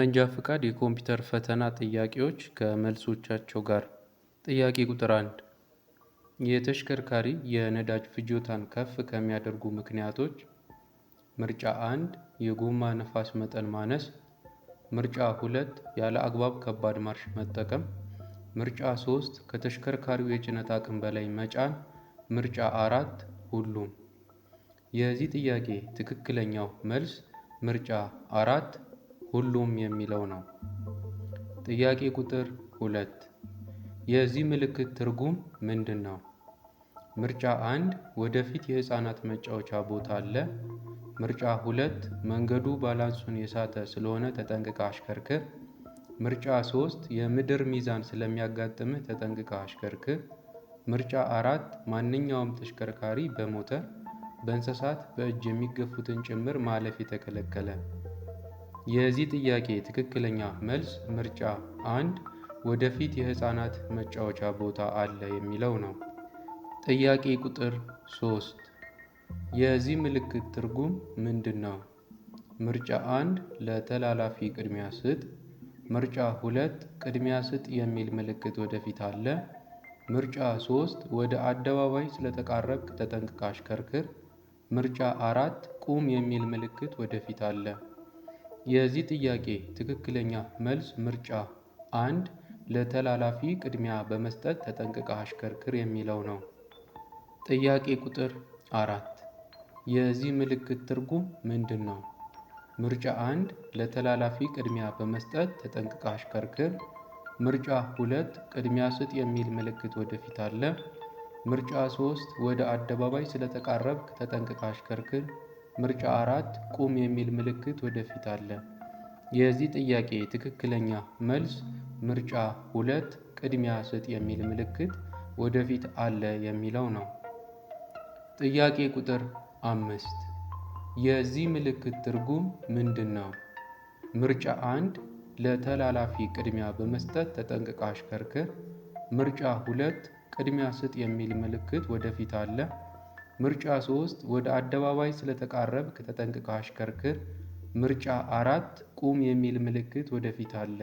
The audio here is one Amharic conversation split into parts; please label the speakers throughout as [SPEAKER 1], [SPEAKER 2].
[SPEAKER 1] የመንጃ ፍቃድ የኮምፒውተር ፈተና ጥያቄዎች ከመልሶቻቸው ጋር ጥያቄ ቁጥር አንድ የተሽከርካሪ የነዳጅ ፍጆታን ከፍ ከሚያደርጉ ምክንያቶች ምርጫ አንድ የጎማ ነፋስ መጠን ማነስ፣ ምርጫ ሁለት ያለ አግባብ ከባድ ማርሽ መጠቀም፣ ምርጫ ሶስት ከተሽከርካሪው የጭነት አቅም በላይ መጫን፣ ምርጫ አራት ሁሉም። የዚህ ጥያቄ ትክክለኛው መልስ ምርጫ አራት ሁሉም የሚለው ነው። ጥያቄ ቁጥር ሁለት የዚህ ምልክት ትርጉም ምንድን ነው? ምርጫ አንድ ወደፊት የህፃናት መጫወቻ ቦታ አለ። ምርጫ ሁለት መንገዱ ባላንሱን የሳተ ስለሆነ ተጠንቅቀ አሽከርክር። ምርጫ ሶስት የምድር ሚዛን ስለሚያጋጥምህ ተጠንቅቀ አሽከርክር። ምርጫ አራት ማንኛውም ተሽከርካሪ በሞተር፣ በእንስሳት፣ በእጅ የሚገፉትን ጭምር ማለፍ የተከለከለ የዚህ ጥያቄ ትክክለኛ መልስ ምርጫ አንድ ወደፊት የህፃናት መጫወቻ ቦታ አለ የሚለው ነው። ጥያቄ ቁጥር 3 የዚህ ምልክት ትርጉም ምንድን ነው? ምርጫ አንድ ለተላላፊ ቅድሚያ ስጥ። ምርጫ ሁለት ቅድሚያ ስጥ የሚል ምልክት ወደፊት አለ። ምርጫ ሶስት ወደ አደባባይ ስለተቃረብክ ተጠንቅቃሽ ከርክር፣ ምርጫ አራት ቁም የሚል ምልክት ወደፊት አለ። የዚህ ጥያቄ ትክክለኛ መልስ ምርጫ አንድ ለተላላፊ ቅድሚያ በመስጠት ተጠንቅቀ አሽከርክር የሚለው ነው። ጥያቄ ቁጥር አራት የዚህ ምልክት ትርጉም ምንድን ነው? ምርጫ አንድ ለተላላፊ ቅድሚያ በመስጠት ተጠንቅቀ አሽከርክር። ምርጫ ሁለት ቅድሚያ ስጥ የሚል ምልክት ወደፊት አለ። ምርጫ ሶስት ወደ አደባባይ ስለተቃረብክ ተጠንቅቀ አሽከርክር። ምርጫ አራት ቁም የሚል ምልክት ወደፊት አለ። የዚህ ጥያቄ ትክክለኛ መልስ ምርጫ ሁለት ቅድሚያ ስጥ የሚል ምልክት ወደፊት አለ የሚለው ነው። ጥያቄ ቁጥር አምስት የዚህ ምልክት ትርጉም ምንድን ነው? ምርጫ አንድ ለተላላፊ ቅድሚያ በመስጠት ተጠንቅቃ አሽከርክር። ምርጫ ሁለት ቅድሚያ ስጥ የሚል ምልክት ወደፊት አለ። ምርጫ ሶስት ወደ አደባባይ ስለተቃረብክ ተጠንቅቀህ አሽከርክር። ምርጫ አራት ቁም የሚል ምልክት ወደፊት አለ።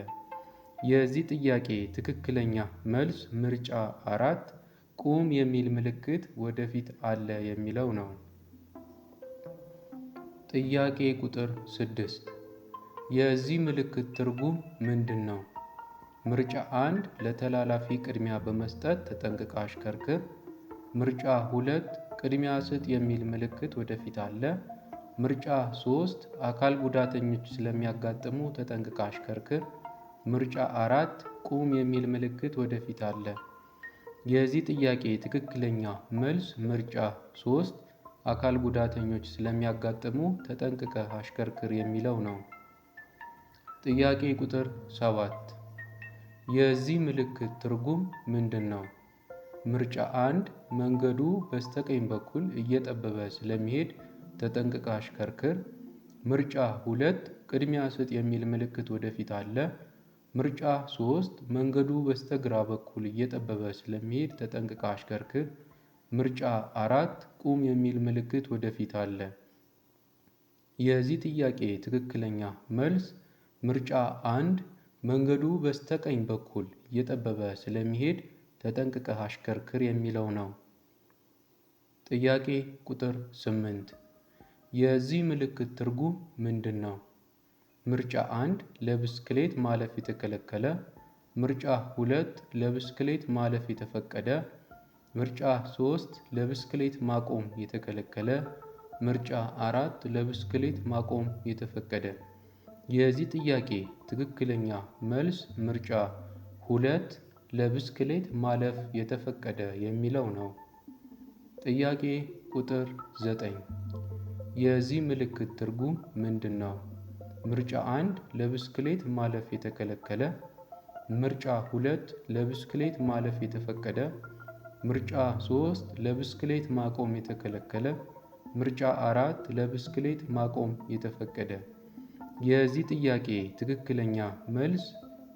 [SPEAKER 1] የዚህ ጥያቄ ትክክለኛ መልስ ምርጫ አራት ቁም የሚል ምልክት ወደፊት አለ የሚለው ነው። ጥያቄ ቁጥር ስድስት የዚህ ምልክት ትርጉም ምንድን ነው? ምርጫ አንድ ለተላላፊ ቅድሚያ በመስጠት ተጠንቅቀ አሽከርክር። ምርጫ ሁለት ቅድሚያ ስጥ የሚል ምልክት ወደፊት አለ። ምርጫ 3 አካል ጉዳተኞች ስለሚያጋጥሙ ተጠንቅቀ አሽከርክር። ምርጫ 4 ቁም የሚል ምልክት ወደፊት አለ። የዚህ ጥያቄ ትክክለኛ መልስ ምርጫ 3 አካል ጉዳተኞች ስለሚያጋጥሙ ተጠንቅቀ አሽከርክር የሚለው ነው። ጥያቄ ቁጥር 7 የዚህ ምልክት ትርጉም ምንድን ነው? ምርጫ 1 መንገዱ በስተቀኝ በኩል እየጠበበ ስለሚሄድ ተጠንቅቀ አሽከርክር። ምርጫ ሁለት ቅድሚያ ስጥ የሚል ምልክት ወደፊት አለ። ምርጫ ሶስት መንገዱ በስተግራ በኩል እየጠበበ ስለሚሄድ ተጠንቅቀ አሽከርክር። ምርጫ አራት ቁም የሚል ምልክት ወደፊት አለ። የዚህ ጥያቄ ትክክለኛ መልስ ምርጫ አንድ መንገዱ በስተቀኝ በኩል እየጠበበ ስለሚሄድ ተጠንቅቀህ አሽከርክር የሚለው ነው። ጥያቄ ቁጥር ስምንት የዚህ ምልክት ትርጉም ምንድን ነው? ምርጫ አንድ ለብስክሌት ማለፍ የተከለከለ፣ ምርጫ ሁለት ለብስክሌት ማለፍ የተፈቀደ፣ ምርጫ ሶስት ለብስክሌት ማቆም የተከለከለ፣ ምርጫ አራት ለብስክሌት ማቆም የተፈቀደ። የዚህ ጥያቄ ትክክለኛ መልስ ምርጫ ሁለት ለብስክሌት ማለፍ የተፈቀደ የሚለው ነው። ጥያቄ ቁጥር 9 የዚህ ምልክት ትርጉም ምንድን ነው? ምርጫ 1 ለብስክሌት ማለፍ የተከለከለ፣ ምርጫ 2 ለብስክሌት ማለፍ የተፈቀደ፣ ምርጫ 3 ለብስክሌት ማቆም የተከለከለ፣ ምርጫ 4 ለብስክሌት ማቆም የተፈቀደ። የዚህ ጥያቄ ትክክለኛ መልስ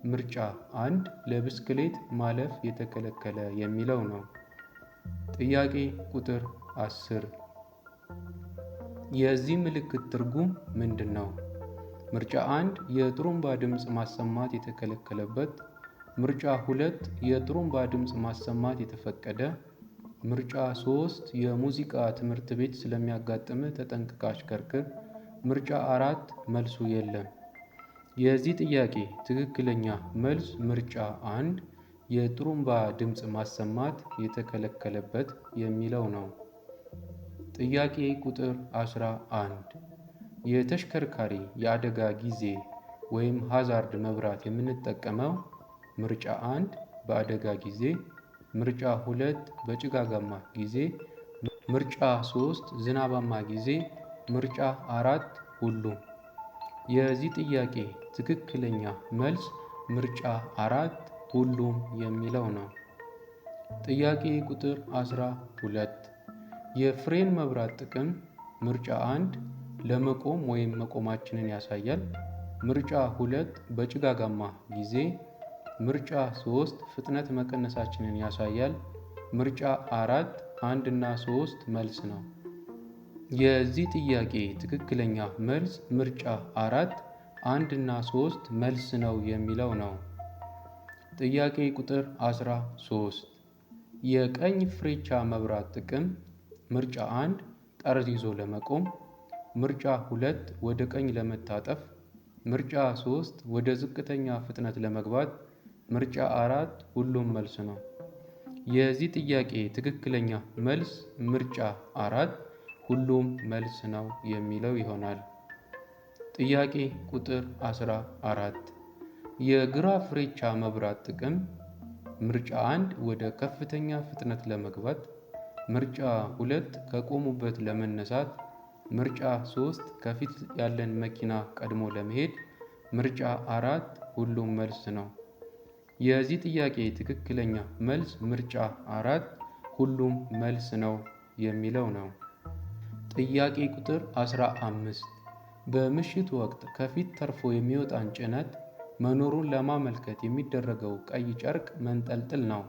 [SPEAKER 1] ምርጫ አንድ ለብስክሌት ማለፍ የተከለከለ የሚለው ነው። ጥያቄ ቁጥር 10 የዚህ ምልክት ትርጉም ምንድን ነው? ምርጫ አንድ የጥሩምባ ድምፅ ማሰማት የተከለከለበት፣ ምርጫ ሁለት የጥሩምባ ድምፅ ማሰማት የተፈቀደ፣ ምርጫ ሶስት የሙዚቃ ትምህርት ቤት ስለሚያጋጥም ተጠንቅቀህ አሽከርክር፣ ምርጫ አራት መልሱ የለም። የዚህ ጥያቄ ትክክለኛ መልስ ምርጫ አንድ የጥሩምባ ድምፅ ማሰማት የተከለከለበት የሚለው ነው። ጥያቄ ቁጥር 11 የተሽከርካሪ የአደጋ ጊዜ ወይም ሃዛርድ መብራት የምንጠቀመው ምርጫ አንድ በአደጋ ጊዜ፣ ምርጫ ሁለት በጭጋጋማ ጊዜ፣ ምርጫ ሶስት ዝናባማ ጊዜ፣ ምርጫ አራት ሁሉም የዚህ ጥያቄ ትክክለኛ መልስ ምርጫ አራት ሁሉም የሚለው ነው። ጥያቄ ቁጥር 12 የፍሬን መብራት ጥቅም ምርጫ አንድ ለመቆም ወይም መቆማችንን ያሳያል። ምርጫ ሁለት በጭጋጋማ ጊዜ፣ ምርጫ ሶስት ፍጥነት መቀነሳችንን ያሳያል። ምርጫ አራት አንድ እና ሶስት መልስ ነው። የዚህ ጥያቄ ትክክለኛ መልስ ምርጫ አራት አንድ እና ሶስት መልስ ነው የሚለው ነው። ጥያቄ ቁጥር 13 የቀኝ ፍሬቻ መብራት ጥቅም ምርጫ አንድ ጠርዝ ይዞ ለመቆም፣ ምርጫ ሁለት ወደ ቀኝ ለመታጠፍ፣ ምርጫ ሶስት ወደ ዝቅተኛ ፍጥነት ለመግባት፣ ምርጫ አራት ሁሉም መልስ ነው። የዚህ ጥያቄ ትክክለኛ መልስ ምርጫ አራት ሁሉም መልስ ነው የሚለው ይሆናል። ጥያቄ ቁጥር 14 የግራ ፍሬቻ መብራት ጥቅም ምርጫ 1 ወደ ከፍተኛ ፍጥነት ለመግባት፣ ምርጫ 2 ከቆሙበት ለመነሳት፣ ምርጫ 3 ከፊት ያለን መኪና ቀድሞ ለመሄድ፣ ምርጫ 4 ሁሉም መልስ ነው። የዚህ ጥያቄ ትክክለኛ መልስ ምርጫ 4 ሁሉም መልስ ነው የሚለው ነው። ጥያቄ ቁጥር 15 በምሽት ወቅት ከፊት ተርፎ የሚወጣን ጭነት መኖሩን ለማመልከት የሚደረገው ቀይ ጨርቅ መንጠልጠል ነው።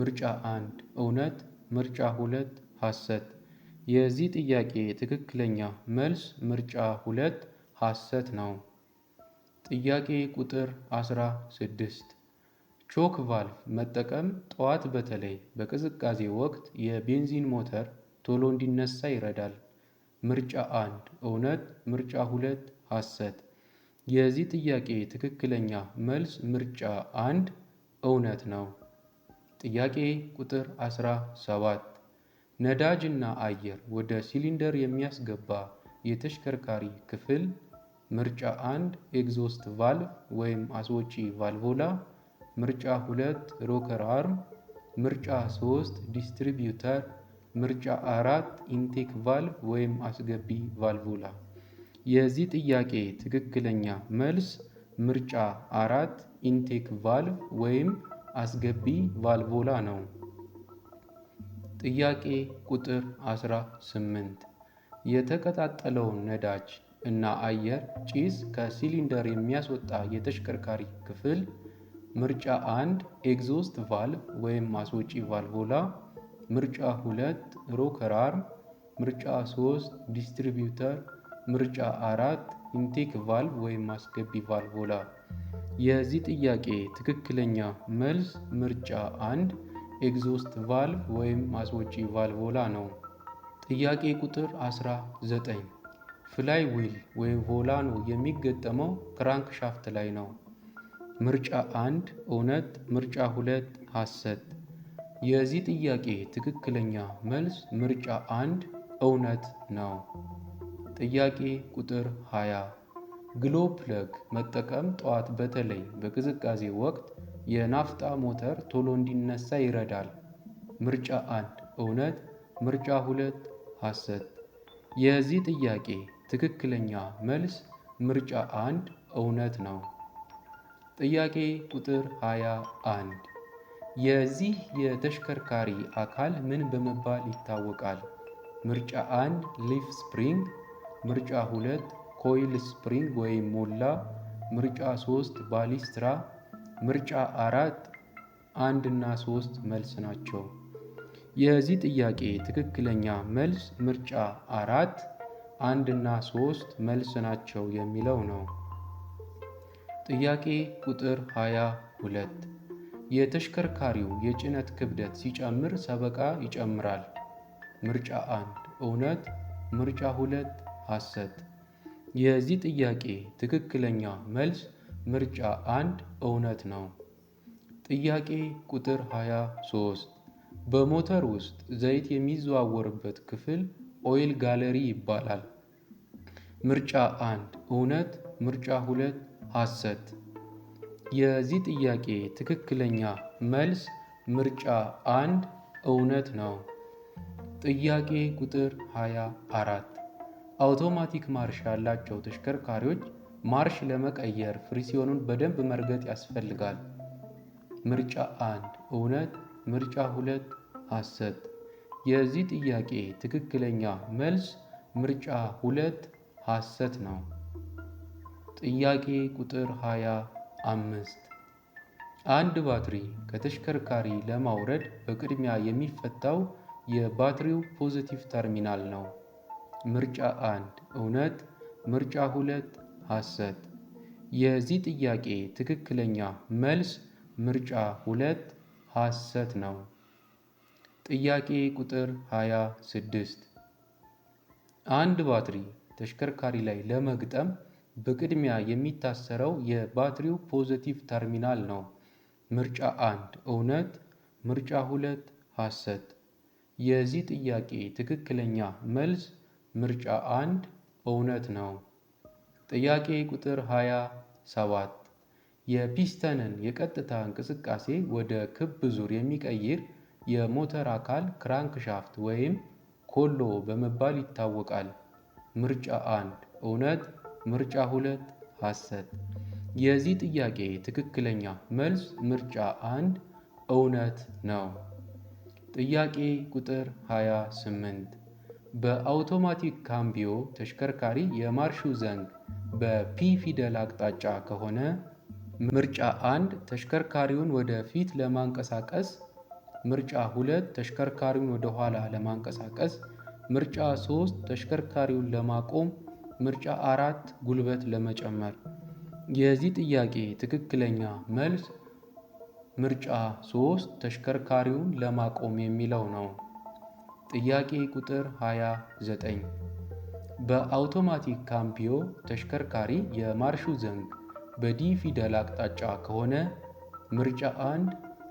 [SPEAKER 1] ምርጫ 1 እውነት፣ ምርጫ 2 ሐሰት። የዚህ ጥያቄ ትክክለኛ መልስ ምርጫ 2 ሐሰት ነው። ጥያቄ ቁጥር 16 ቾክ ቫልቭ መጠቀም ጠዋት በተለይ በቅዝቃዜ ወቅት የቤንዚን ሞተር ቶሎ እንዲነሳ ይረዳል። ምርጫ አንድ እውነት፣ ምርጫ ሁለት ሀሰት። የዚህ ጥያቄ ትክክለኛ መልስ ምርጫ አንድ እውነት ነው። ጥያቄ ቁጥር 17 ነዳጅ እና አየር ወደ ሲሊንደር የሚያስገባ የተሽከርካሪ ክፍል ምርጫ አንድ ኤግዞስት ቫልቭ ወይም አስወጪ ቫልቮላ፣ ምርጫ ሁለት ሮከር አርም፣ ምርጫ ሶስት ዲስትሪቢዩተር ምርጫ አራት ኢንቴክ ቫልቭ ወይም አስገቢ ቫልቮላ። የዚህ ጥያቄ ትክክለኛ መልስ ምርጫ አራት ኢንቴክ ቫልቭ ወይም አስገቢ ቫልቮላ ነው። ጥያቄ ቁጥር 18 የተቀጣጠለውን ነዳጅ እና አየር ጭስ ከሲሊንደር የሚያስወጣ የተሽከርካሪ ክፍል ምርጫ አንድ ኤግዞስት ቫልቭ ወይም ማስወጪ ቫልቮላ ምርጫ 2 ሮከር አርም፣ ምርጫ 3 ዲስትሪቢዩተር፣ ምርጫ 4 ኢንቴክ ቫልቭ ወይም ማስገቢ ቫልቮላ። የዚህ ጥያቄ ትክክለኛ መልስ ምርጫ 1 ኤግዞስት ቫልቭ ወይም ማስወጪ ቫልቮላ ነው። ጥያቄ ቁጥር 19 ፍላይ ዊል ወይም ቮላኖ የሚገጠመው ክራንክ ሻፍት ላይ ነው። ምርጫ 1 እውነት፣ ምርጫ 2 ሐሰት። የዚህ ጥያቄ ትክክለኛ መልስ ምርጫ አንድ እውነት ነው። ጥያቄ ቁጥር 20 ግሎ ፕለግ መጠቀም ጠዋት በተለይ በቅዝቃዜ ወቅት የናፍጣ ሞተር ቶሎ እንዲነሳ ይረዳል። ምርጫ አንድ እውነት፣ ምርጫ ሁለት ሐሰት። የዚህ ጥያቄ ትክክለኛ መልስ ምርጫ አንድ እውነት ነው። ጥያቄ ቁጥር 21 የዚህ የተሽከርካሪ አካል ምን በመባል ይታወቃል? ምርጫ 1 ሊፍ ስፕሪንግ፣ ምርጫ 2 ኮይል ስፕሪንግ ወይም ሞላ፣ ምርጫ 3 ባሊስትራ፣ ምርጫ 4 አንድ እና ሶስት መልስ ናቸው። የዚህ ጥያቄ ትክክለኛ መልስ ምርጫ አራት አንድ እና ሶስት መልስ ናቸው የሚለው ነው። ጥያቄ ቁጥር 22 የተሽከርካሪው የጭነት ክብደት ሲጨምር ሰበቃ ይጨምራል። ምርጫ 1 እውነት፣ ምርጫ 2 ሐሰት። የዚህ ጥያቄ ትክክለኛ መልስ ምርጫ 1 እውነት ነው። ጥያቄ ቁጥር 23 በሞተር ውስጥ ዘይት የሚዘዋወርበት ክፍል ኦይል ጋለሪ ይባላል። ምርጫ 1 እውነት፣ ምርጫ 2 ሐሰት። የዚህ ጥያቄ ትክክለኛ መልስ ምርጫ አንድ እውነት ነው። ጥያቄ ቁጥር 24 አውቶማቲክ ማርሽ ያላቸው ተሽከርካሪዎች ማርሽ ለመቀየር ፍሪሲዮኑን በደንብ መርገጥ ያስፈልጋል። ምርጫ አንድ እውነት፣ ምርጫ ሁለት ሐሰት። የዚህ ጥያቄ ትክክለኛ መልስ ምርጫ ሁለት ሐሰት ነው። ጥያቄ ቁጥር 2 አምስት አንድ ባትሪ ከተሽከርካሪ ለማውረድ በቅድሚያ የሚፈታው የባትሪው ፖዚቲቭ ተርሚናል ነው። ምርጫ አንድ እውነት፣ ምርጫ ሁለት ሐሰት። የዚህ ጥያቄ ትክክለኛ መልስ ምርጫ ሁለት ሐሰት ነው። ጥያቄ ቁጥር 26 አንድ ባትሪ ተሽከርካሪ ላይ ለመግጠም በቅድሚያ የሚታሰረው የባትሪው ፖዘቲቭ ተርሚናል ነው። ምርጫ አንድ እውነት፣ ምርጫ ሁለት ሐሰት። የዚህ ጥያቄ ትክክለኛ መልስ ምርጫ አንድ እውነት ነው። ጥያቄ ቁጥር 27 የፒስተንን የቀጥታ እንቅስቃሴ ወደ ክብ ዙር የሚቀይር የሞተር አካል ክራንክሻፍት ወይም ኮሎ በመባል ይታወቃል። ምርጫ አንድ እውነት ምርጫ ሁለት ሐሰት። የዚህ ጥያቄ ትክክለኛ መልስ ምርጫ አንድ እውነት ነው። ጥያቄ ቁጥር 28 በአውቶማቲክ ካምቢዮ ተሽከርካሪ የማርሹ ዘንግ በፒ ፊደል አቅጣጫ ከሆነ ምርጫ አንድ ተሽከርካሪውን ወደ ፊት ለማንቀሳቀስ፣ ምርጫ ሁለት ተሽከርካሪውን ወደ ኋላ ለማንቀሳቀስ፣ ምርጫ ሶስት ተሽከርካሪውን ለማቆም ምርጫ አራት ጉልበት ለመጨመር የዚህ ጥያቄ ትክክለኛ መልስ ምርጫ ሶስት ተሽከርካሪውን ለማቆም የሚለው ነው። ጥያቄ ቁጥር 29 በአውቶማቲክ ካምፒዮ ተሽከርካሪ የማርሹ ዘንግ በዲ ፊደል አቅጣጫ ከሆነ ምርጫ አንድ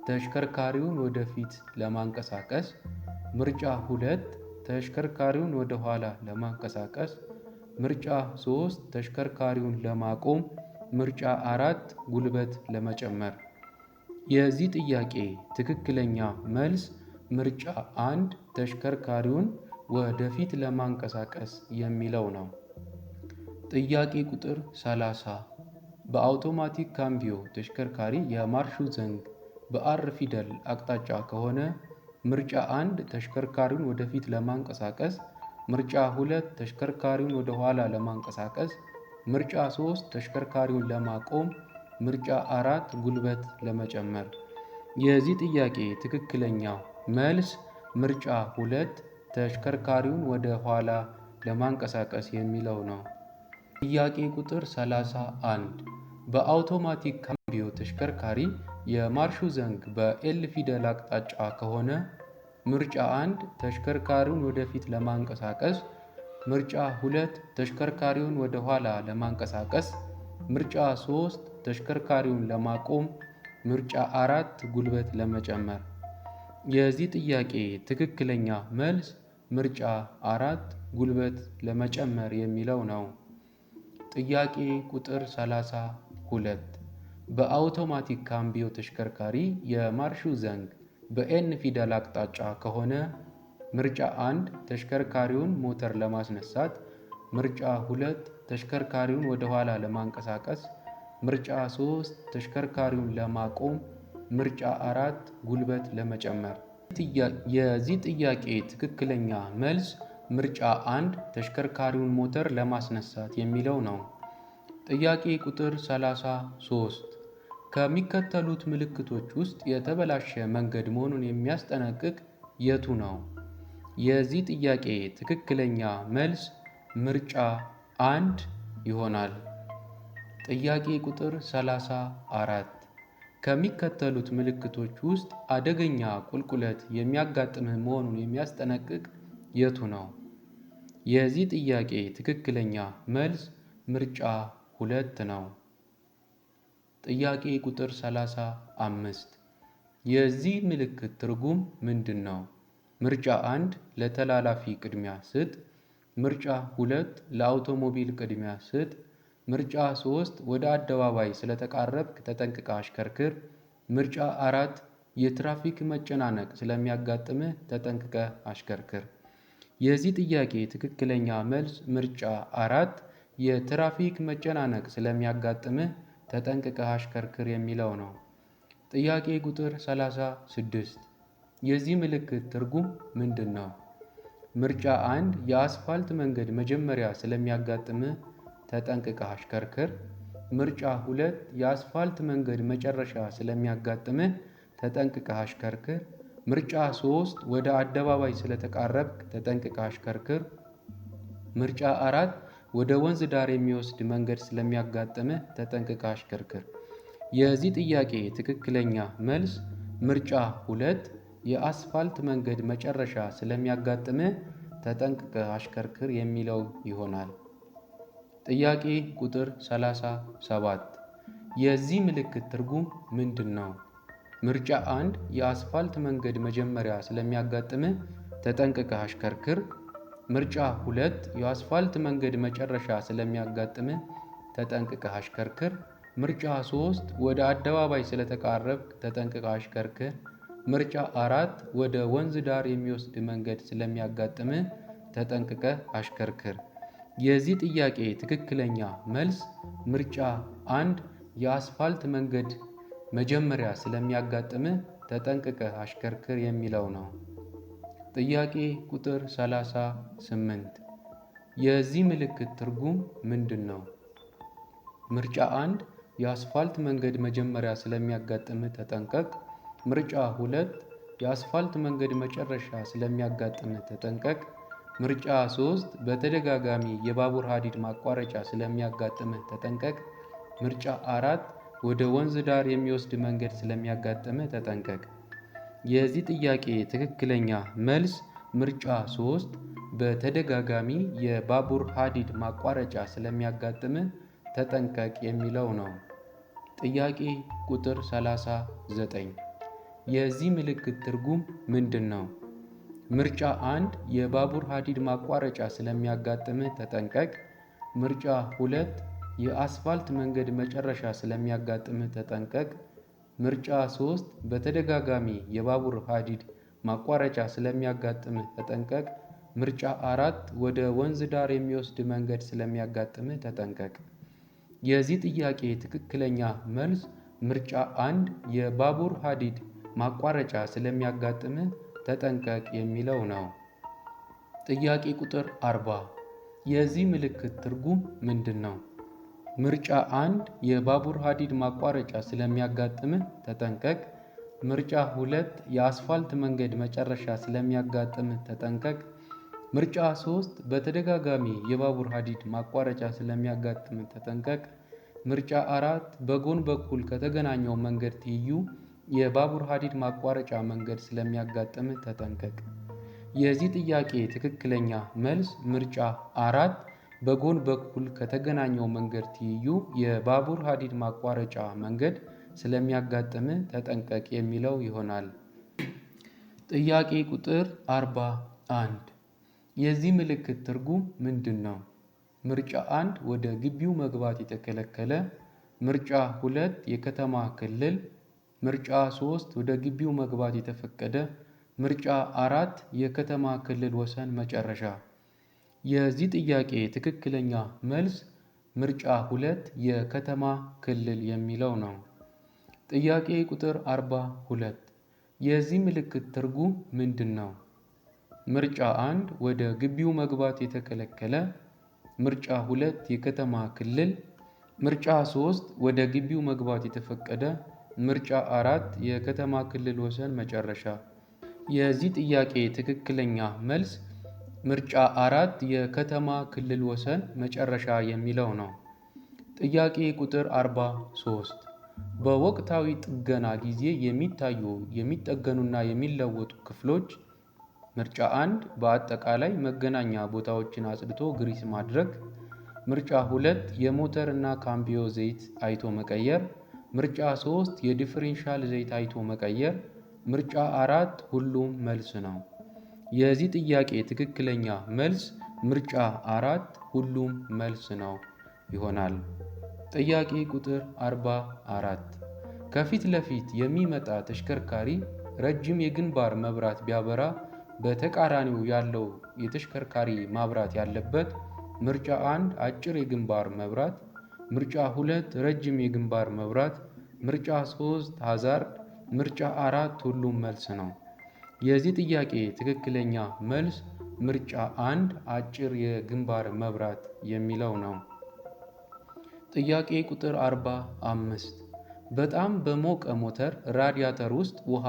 [SPEAKER 1] ተሽከርካሪውን ወደፊት ለማንቀሳቀስ፣ ምርጫ ሁለት ተሽከርካሪውን ወደ ኋላ ለማንቀሳቀስ ምርጫ ሶስት ተሽከርካሪውን ለማቆም፣ ምርጫ አራት ጉልበት ለመጨመር። የዚህ ጥያቄ ትክክለኛ መልስ ምርጫ አንድ ተሽከርካሪውን ወደፊት ለማንቀሳቀስ የሚለው ነው። ጥያቄ ቁጥር 30 በአውቶማቲክ ካምቢዮ ተሽከርካሪ የማርሹ ዘንግ በአር ፊደል አቅጣጫ ከሆነ ምርጫ አንድ ተሽከርካሪውን ወደፊት ለማንቀሳቀስ ምርጫ ሁለት ተሽከርካሪውን ወደ ኋላ ለማንቀሳቀስ፣ ምርጫ ሶስት ተሽከርካሪውን ለማቆም፣ ምርጫ 4 ጉልበት ለመጨመር። የዚህ ጥያቄ ትክክለኛው መልስ ምርጫ ሁለት ተሽከርካሪውን ወደ ኋላ ለማንቀሳቀስ የሚለው ነው። ጥያቄ ቁጥር 31 በአውቶማቲክ ካምቢዮ ተሽከርካሪ የማርሹ ዘንግ በኤል ፊደል አቅጣጫ ከሆነ ምርጫ አንድ ተሽከርካሪውን ወደፊት ለማንቀሳቀስ፣ ምርጫ 2 ተሽከርካሪውን ወደ ኋላ ለማንቀሳቀስ፣ ምርጫ ሶስት ተሽከርካሪውን ለማቆም፣ ምርጫ አራት ጉልበት ለመጨመር። የዚህ ጥያቄ ትክክለኛ መልስ ምርጫ አራት ጉልበት ለመጨመር የሚለው ነው። ጥያቄ ቁጥር 32 በአውቶማቲክ ካምቢዮ ተሽከርካሪ የማርሹ ዘንግ በኤን ፊደል አቅጣጫ ከሆነ ምርጫ አንድ ተሽከርካሪውን ሞተር ለማስነሳት፣ ምርጫ ሁለት ተሽከርካሪውን ወደ ኋላ ለማንቀሳቀስ፣ ምርጫ ሶስት ተሽከርካሪውን ለማቆም፣ ምርጫ አራት ጉልበት ለመጨመር። የዚህ ጥያቄ ትክክለኛ መልስ ምርጫ አንድ ተሽከርካሪውን ሞተር ለማስነሳት የሚለው ነው። ጥያቄ ቁጥር 33 ከሚከተሉት ምልክቶች ውስጥ የተበላሸ መንገድ መሆኑን የሚያስጠነቅቅ የቱ ነው? የዚህ ጥያቄ ትክክለኛ መልስ ምርጫ አንድ ይሆናል። ጥያቄ ቁጥር 34 ከሚከተሉት ምልክቶች ውስጥ አደገኛ ቁልቁለት የሚያጋጥምህ መሆኑን የሚያስጠነቅቅ የቱ ነው? የዚህ ጥያቄ ትክክለኛ መልስ ምርጫ ሁለት ነው። ጥያቄ ቁጥር 35 የዚህ ምልክት ትርጉም ምንድን ነው? ምርጫ 1 ለተላላፊ ቅድሚያ ስጥ። ምርጫ 2 ለአውቶሞቢል ቅድሚያ ስጥ። ምርጫ 3 ወደ አደባባይ ስለተቃረብክ ተጠንቅቀህ አሽከርክር። ምርጫ 4 የትራፊክ መጨናነቅ ስለሚያጋጥምህ ተጠንቅቀ አሽከርክር። የዚህ ጥያቄ ትክክለኛ መልስ ምርጫ አራት የትራፊክ መጨናነቅ ስለሚያጋጥምህ ተጠንቅቀህ አሽከርክር የሚለው ነው። ጥያቄ ቁጥር 36 የዚህ ምልክት ትርጉም ምንድን ነው? ምርጫ አንድ የአስፋልት መንገድ መጀመሪያ ስለሚያጋጥምህ ተጠንቅቀህ አሽከርክር። ምርጫ ሁለት የአስፋልት መንገድ መጨረሻ ስለሚያጋጥምህ ተጠንቅቀህ አሽከርክር። ምርጫ ሶስት ወደ አደባባይ ስለተቃረብክ ተጠንቅቀህ አሽከርክር። ምርጫ አራት ወደ ወንዝ ዳር የሚወስድ መንገድ ስለሚያጋጥምህ ተጠንቅቀህ አሽከርክር። የዚህ ጥያቄ ትክክለኛ መልስ ምርጫ ሁለት የአስፋልት መንገድ መጨረሻ ስለሚያጋጥምህ ተጠንቅቀህ አሽከርክር የሚለው ይሆናል። ጥያቄ ቁጥር 37 የዚህ ምልክት ትርጉም ምንድን ነው? ምርጫ አንድ የአስፋልት መንገድ መጀመሪያ ስለሚያጋጥምህ ተጠንቅቀህ አሽከርክር ምርጫ ሁለት የአስፋልት መንገድ መጨረሻ ስለሚያጋጥም ተጠንቅቀህ አሽከርክር። ምርጫ ሶስት ወደ አደባባይ ስለተቃረብ ተጠንቅቀህ አሽከርክር። ምርጫ አራት ወደ ወንዝ ዳር የሚወስድ መንገድ ስለሚያጋጥም ተጠንቅቀህ አሽከርክር። የዚህ ጥያቄ ትክክለኛ መልስ ምርጫ አንድ የአስፋልት መንገድ መጀመሪያ ስለሚያጋጥም ተጠንቅቀህ አሽከርክር የሚለው ነው። ጥያቄ ቁጥር 38 የዚህ ምልክት ትርጉም ምንድን ነው? ምርጫ 1 የአስፋልት መንገድ መጀመሪያ ስለሚያጋጥም ተጠንቀቅ። ምርጫ 2 የአስፋልት መንገድ መጨረሻ ስለሚያጋጥም ተጠንቀቅ። ምርጫ 3 በተደጋጋሚ የባቡር ሀዲድ ማቋረጫ ስለሚያጋጥም ተጠንቀቅ። ምርጫ 4 ወደ ወንዝ ዳር የሚወስድ መንገድ ስለሚያጋጥም ተጠንቀቅ። የዚህ ጥያቄ ትክክለኛ መልስ ምርጫ ሶስት በተደጋጋሚ የባቡር ሀዲድ ማቋረጫ ስለሚያጋጥም ተጠንቀቅ የሚለው ነው። ጥያቄ ቁጥር 39 የዚህ ምልክት ትርጉም ምንድን ነው? ምርጫ አንድ የባቡር ሀዲድ ማቋረጫ ስለሚያጋጥም ተጠንቀቅ። ምርጫ ሁለት የአስፋልት መንገድ መጨረሻ ስለሚያጋጥም ተጠንቀቅ። ምርጫ ሶስት በተደጋጋሚ የባቡር ሀዲድ ማቋረጫ ስለሚያጋጥምህ ተጠንቀቅ። ምርጫ አራት ወደ ወንዝ ዳር የሚወስድ መንገድ ስለሚያጋጥምህ ተጠንቀቅ። የዚህ ጥያቄ ትክክለኛ መልስ ምርጫ አንድ የባቡር ሀዲድ ማቋረጫ ስለሚያጋጥምህ ተጠንቀቅ የሚለው ነው። ጥያቄ ቁጥር 40 የዚህ ምልክት ትርጉም ምንድን ነው? ምርጫ አንድ የባቡር ሀዲድ ማቋረጫ ስለሚያጋጥምህ ተጠንቀቅ። ምርጫ ሁለት የአስፋልት መንገድ መጨረሻ ስለሚያጋጥምህ ተጠንቀቅ። ምርጫ ሶስት በተደጋጋሚ የባቡር ሀዲድ ማቋረጫ ስለሚያጋጥምህ ተጠንቀቅ። ምርጫ አራት በጎን በኩል ከተገናኘው መንገድ ትይዩ የባቡር ሀዲድ ማቋረጫ መንገድ ስለሚያጋጥምህ ተጠንቀቅ። የዚህ ጥያቄ ትክክለኛ መልስ ምርጫ አራት በጎን በኩል ከተገናኘው መንገድ ትይዩ የባቡር ሀዲድ ማቋረጫ መንገድ ስለሚያጋጥም ተጠንቀቅ የሚለው ይሆናል። ጥያቄ ቁጥር 41 የዚህ ምልክት ትርጉም ምንድን ነው? ምርጫ አንድ ወደ ግቢው መግባት የተከለከለ፣ ምርጫ 2 የከተማ ክልል፣ ምርጫ ሶስት ወደ ግቢው መግባት የተፈቀደ፣ ምርጫ አራት የከተማ ክልል ወሰን መጨረሻ የዚህ ጥያቄ ትክክለኛ መልስ ምርጫ ሁለት የከተማ ክልል የሚለው ነው። ጥያቄ ቁጥር 42 የዚህ ምልክት ትርጉም ነው? ምርጫ አንድ ወደ ግቢው መግባት የተከለከለ ምርጫ ሁለት የከተማ ክልል ምርጫ ሶስት ወደ ግቢው መግባት የተፈቀደ ምርጫ አራት የከተማ ክልል ወሰን መጨረሻ የዚህ ጥያቄ ትክክለኛ መልስ ምርጫ አራት የከተማ ክልል ወሰን መጨረሻ የሚለው ነው። ጥያቄ ቁጥር 43 በወቅታዊ ጥገና ጊዜ የሚታዩ የሚጠገኑና የሚለወጡ ክፍሎች ምርጫ አንድ በአጠቃላይ መገናኛ ቦታዎችን አጽድቶ ግሪስ ማድረግ፣ ምርጫ ሁለት የሞተር እና ካምቢዮ ዘይት አይቶ መቀየር፣ ምርጫ ሶስት የዲፍሬንሻል ዘይት አይቶ መቀየር፣ ምርጫ አራት ሁሉም መልስ ነው። የዚህ ጥያቄ ትክክለኛ መልስ ምርጫ አራት ሁሉም መልስ ነው ይሆናል። ጥያቄ ቁጥር 44 ከፊት ለፊት የሚመጣ ተሽከርካሪ ረጅም የግንባር መብራት ቢያበራ በተቃራኒው ያለው የተሽከርካሪ ማብራት ያለበት ምርጫ አንድ አጭር የግንባር መብራት፣ ምርጫ ሁለት ረጅም የግንባር መብራት፣ ምርጫ ሶስት ሃዛርድ፣ ምርጫ አራት ሁሉም መልስ ነው። የዚህ ጥያቄ ትክክለኛ መልስ ምርጫ አንድ አጭር የግንባር መብራት የሚለው ነው። ጥያቄ ቁጥር 45 በጣም በሞቀ ሞተር ራዲያተር ውስጥ ውሃ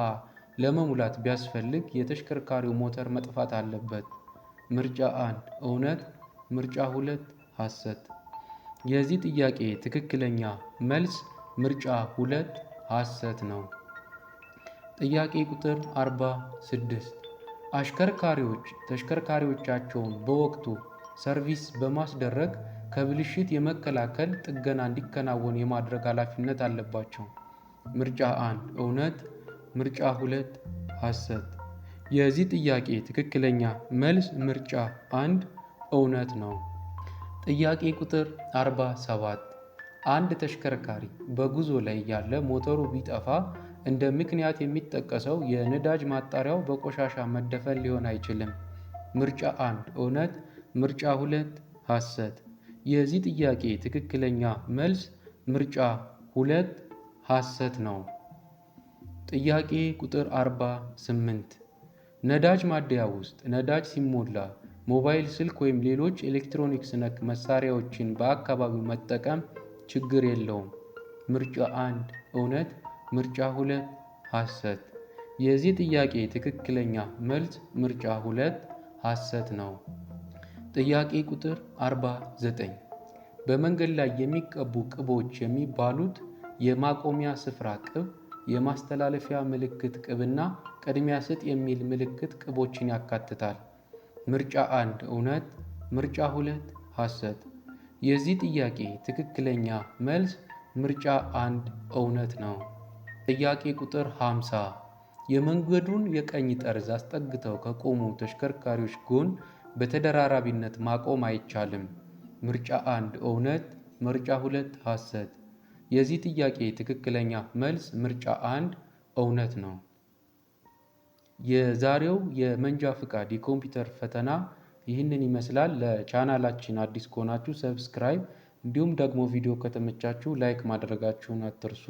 [SPEAKER 1] ለመሙላት ቢያስፈልግ የተሽከርካሪው ሞተር መጥፋት አለበት። ምርጫ አንድ እውነት፣ ምርጫ ሁለት ሐሰት። የዚህ ጥያቄ ትክክለኛ መልስ ምርጫ ሁለት ሐሰት ነው። ጥያቄ ቁጥር 46 አሽከርካሪዎች ተሽከርካሪዎቻቸውን በወቅቱ ሰርቪስ በማስደረግ ከብልሽት የመከላከል ጥገና እንዲከናወን የማድረግ ኃላፊነት አለባቸው። ምርጫ 1 እውነት፣ ምርጫ 2 ሐሰት። የዚህ ጥያቄ ትክክለኛ መልስ ምርጫ 1 እውነት ነው። ጥያቄ ቁጥር 47 አንድ ተሽከርካሪ በጉዞ ላይ ያለ ሞተሩ ቢጠፋ እንደ ምክንያት የሚጠቀሰው የነዳጅ ማጣሪያው በቆሻሻ መደፈን ሊሆን አይችልም። ምርጫ አንድ እውነት፣ ምርጫ ሁለት ሐሰት። የዚህ ጥያቄ ትክክለኛ መልስ ምርጫ ሁለት ሐሰት ነው። ጥያቄ ቁጥር 48 ነዳጅ ማደያ ውስጥ ነዳጅ ሲሞላ ሞባይል ስልክ ወይም ሌሎች ኤሌክትሮኒክስ ነክ መሳሪያዎችን በአካባቢው መጠቀም ችግር የለውም። ምርጫ አንድ እውነት ምርጫ ሁለት ሐሰት። የዚህ ጥያቄ ትክክለኛ መልስ ምርጫ ሁለት ሐሰት ነው። ጥያቄ ቁጥር 49 በመንገድ ላይ የሚቀቡ ቅቦች የሚባሉት የማቆሚያ ስፍራ ቅብ፣ የማስተላለፊያ ምልክት ቅብና ቅድሚያ ስጥ የሚል ምልክት ቅቦችን ያካትታል። ምርጫ አንድ እውነት፣ ምርጫ ሁለት ሐሰት። የዚህ ጥያቄ ትክክለኛ መልስ ምርጫ አንድ እውነት ነው። ጥያቄ ቁጥር 50 የመንገዱን የቀኝ ጠርዝ አስጠግተው ከቆሙ ተሽከርካሪዎች ጎን በተደራራቢነት ማቆም አይቻልም። ምርጫ 1 እውነት፣ ምርጫ 2 ሐሰት። የዚህ ጥያቄ ትክክለኛ መልስ ምርጫ 1 እውነት ነው። የዛሬው የመንጃ ፍቃድ የኮምፒውተር ፈተና ይህንን ይመስላል። ለቻናላችን አዲስ ከሆናችሁ ሰብስክራይብ፣ እንዲሁም ደግሞ ቪዲዮ ከተመቻችሁ ላይክ ማድረጋችሁን አትርሱ።